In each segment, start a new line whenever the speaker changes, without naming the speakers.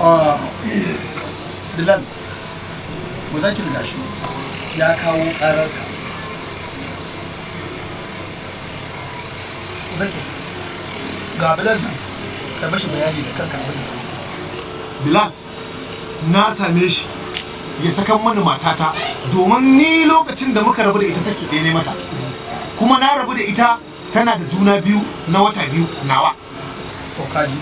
Ah, bilal muzakir gashi ya kawo karar ka muzakir ga bilal nan ka bashi bayani da kanka abin bilal na same shi ya saka mani matata domin ni lokacin da muka rabu da ita saki ɗaya ne mata kuma na rabu da ita tana da juna biyu na wata biyu nawa to ji.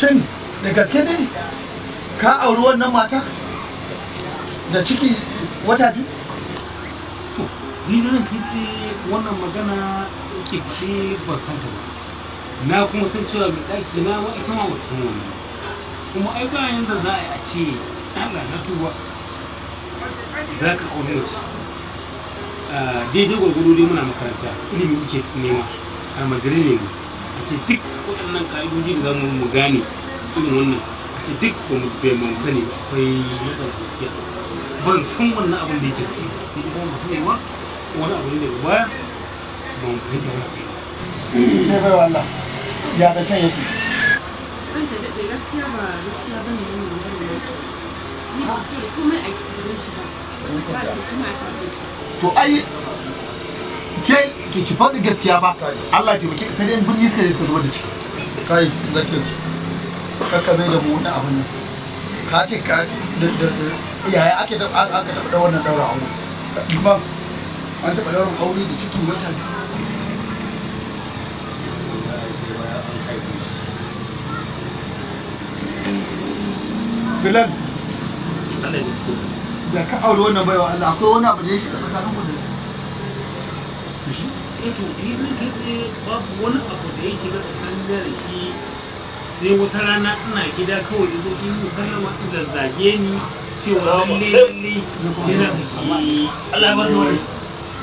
shin da gaske ne ka auri wannan mata da ciki wata biyu to ni nan kike wannan magana ke ke ba san ta ba na kuma san cewa mai daki na wa ita
ma wata san wani. kuma ai ba yanda za a ce Allah na tuba za ka aure mace ah, daidai gwargwado dai muna makaranta ilimi muke nema almajirai ne mu a ce duk waɗannan ka'idoji da mu mu gane irin wannan a ce duk ba mu bai mu sani ba akwai matsala gaskiya ban san wannan abin da yake da sai idan ba sani ma wani abu ne daga baya ba mu fahimta wani abu ne bai wallah
ya da can yake
ban da daɗe gaskiya ba gaskiya ba ne wani wani yake ni ba kuma a ba kuma a yi
to ai ke ki faɗi gaskiya ba Allah ta baki sai dai zubar da ciki kai mai da mu wani abu ne ka ce ka yaya ake aka taɓa wannan ɗaura aure kuma an taɓa ɗaurin aure da ciki wata Bilal, da ka aure wannan baiwa Allah akwai wani abu da ya shiga tsakaninku da da shi eh to filin eh, babu wani abu da ya shiga tsakanin da shi sai wata rana ina gida kawai ya zo in musallama in zazzage ni cewa lalle lalle yana da shi Allah ba nori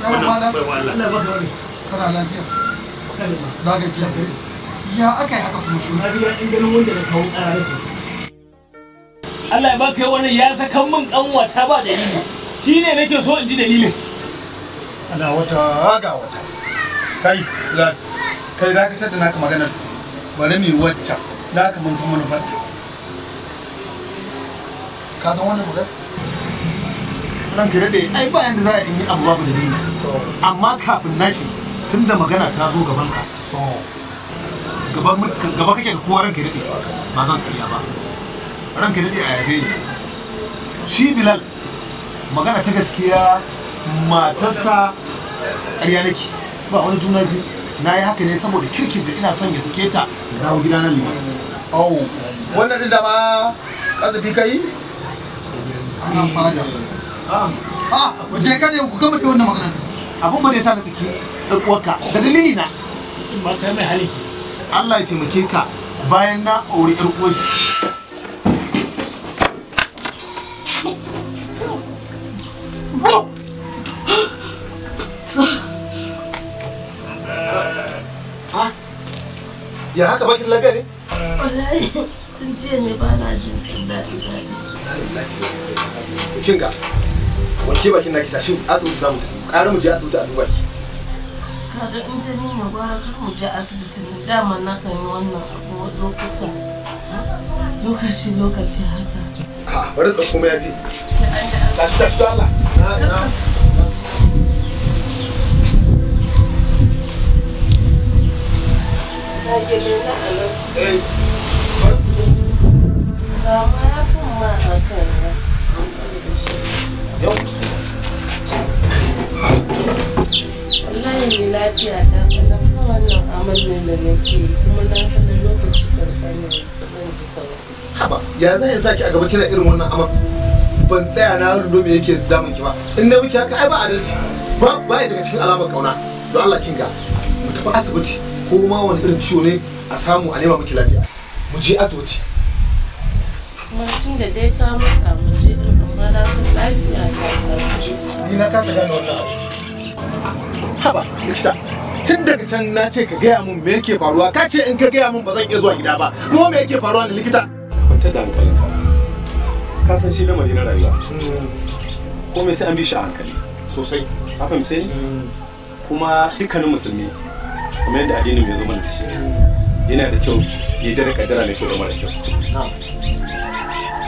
Allah ba nori kana lafiya za ka ci ya aka yi haka kuma shi lafiya in ganin wanda na kawo ƙara Allah ya baka yi wannan ya sakan min ƙanwata ba dalili shine nake so in ji dalilin ana wata ga wata kai kai dakatar da naka maganar bari mai wacce da aka mun san manufarta ka san wani magana ran ka dade ai ba yanda za a yi abu babu dalili amma kafin nashi tunda magana ta zo gaban ka gaba kake da kowa ranka dade ba zan karya ba ranka dade a yabe ni shi bilal magana ta gaskiya matarsa ƙarya nake ba wani juna biyu na yi haka ne saboda kirkin da ina son ya sake ta dawo gida na liman oh wannan din da ma ka yi ana fada a wajen ah, ka ne ku gama da wannan magana abin ba da yasa na saki ɗan da dalili na ba kai mai hali Allah ya taimake ka bayan na aure ƴar uwar ya haka bakin lafiya ne wallahi
tun jiya ne ba
na jin daɗi daɗi kin ga wanke bakin naki tashi asibiti zamu ƙara mu je asibiti a duba ki
kaga in ta nuna gwara kar mu je asibiti da dama na kan yi wannan abu lokuta lokaci lokaci haka
a bari da kuma yafi tashi tashi Allah Na na.
gidana a nan. ya a kuma
sa ki a gaba kina irin wannan amannin. ban tsaya na lullo me yake damun ki ba in na wuce haka ai ba adalci ba ba daga cikin alamar kauna don Allah kinga mu asibiti ko ma wani irin ciwo ne a samu a nema miki lafiya mu je asibiti
mutum da dai ta masa mu je amma na san lafiya ta
ni na kasa gano wannan haba likita tun daga can na ce ka gaya mun me yake faruwa ka ce in ka gaya mun ba zan iya zuwa gida ba mu me yake faruwa da likita
kwanta da hankali ka san shi lamari na rayuwa mm. ko me sai an bi shi a hankali sosai ka fahimce mm. kuma dukkanin musulmi kamar yadda addinin ya zama da shi yana da kyau ya dare kaddara mai kyau da mara kyau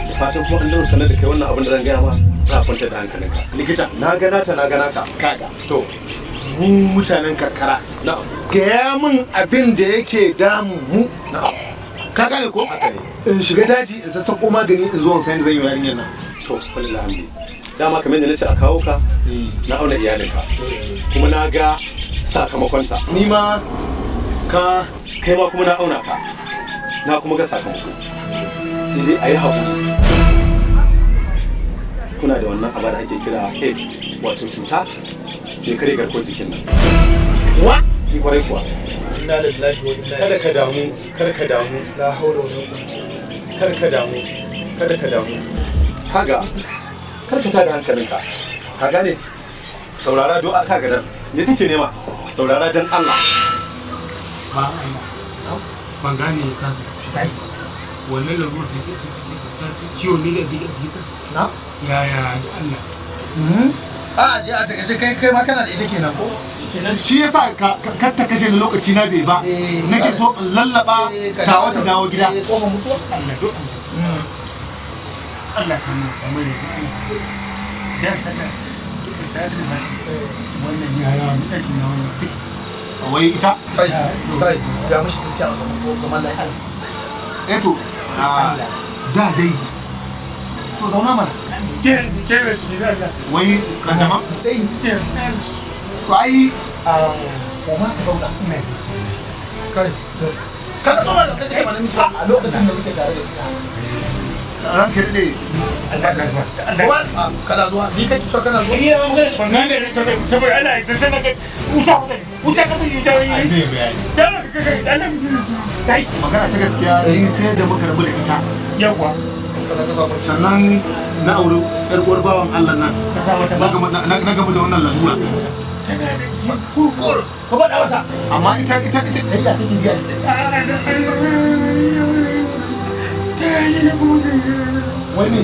da fatan kuma an dama sanar da kai wannan abin da zan gaya ma za a kwanta da hankalinka likita na gana ta na gana ka kaga to mu mutanen karkara
gaya min abin da yake damun mu ka gane ko
in shiga daji in sassako magani in zo in san zan yi yarinyar nan to wallahi dama kamar yadda nace a kawo ka eh. na auna iyalinka eh. kuma na ga ta. ni ma ka kai ma kuma na auna ka na kuma ga sakamako sai dai a yi haƙuri kuna da wannan abada ake kira aids wato cuta ke kare garkuwar jikin nan wa ki kwarai kuwa inna lillahi wa inna kada ka damu kada ka damu la haula wala quwwata kada ka damu kada ka damu kaga kada ka tada hankalinka ka gane saurara aka ga nan ne kake nema saurara don Allah
ba ban gane ya kasa wannan lalurar ta ke ciwo ne da zai jika na ya da Allah hmm? a je a takaice kai kai ma kana da ita kenan ko shi yasa ka ta kashe lokaci na bai ba eh, nake so in lallaba eh, ta wata dawo gida eh, Allah kan mu hmm. kamar dan saka sai ta wannan ya yawa a na wannan take wai ita kai kai ya mishi gaskiya a saman ko kamar lafiya eh to da dai to zauna mana wai kanjama to ai kuma ka zauna kai kada zauna da sai ka malami a lokacin da muke tare da ita ranka dade kuma ah, kana zuwa ni kake cewa kana zuwa ni ne saboda ana yi sai na ga wuta wuta ka yi wuta yi ka ga ana yi magana ta gaskiya ni sai da muka rabu da ita yawa sannan na aure yar uwar bawan Allah nan na gama da wannan lalura kurkur ko ba da wasa amma ita ita ita kai da kike ga wai ne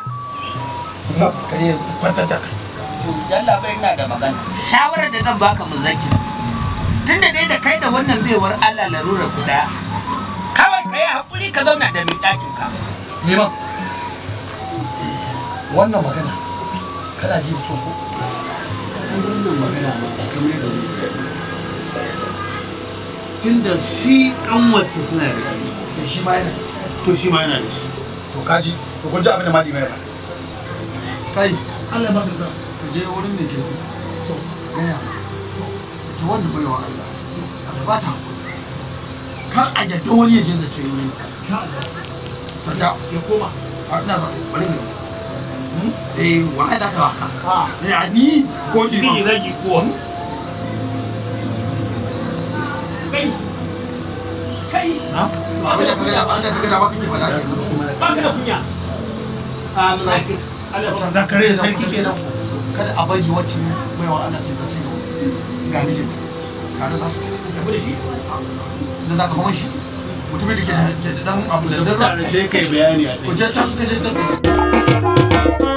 kusa ina da magana shawarar da zan baka mun zaki tunda dai da kai da wannan baiwar Allah larura guda. daya kawai kai hakuri ka zauna da mai dakin ka neman wannan magana kada ji da kyau ko wannan magana kamar da tunda shi kanwarsa tana da shi ma yana to shi ma yana da shi to kaji to kun ji abin da ma di mai ba kai Allah baka da ka je wurin mai gidan to gaya masa ita wanda baiwa Allah Allah ba ta hakuri kar a yadda wani ya je da ce wurin ka da ya koma a ina ba bari ne hmm? eh wai da ka ka ah. ya ni ko ji ma ni ko hmm? kai kai ha ba da ka ga ba da ka ga ba kike fada ba ka da kunya zakare da sarki kenan kada a bari wata mai wa Allah ce zai ga mijin tare za su tafi da shi da za ka kuma shi mutumin da ke da dan abu da dan kai bayani a cikin ku je can je can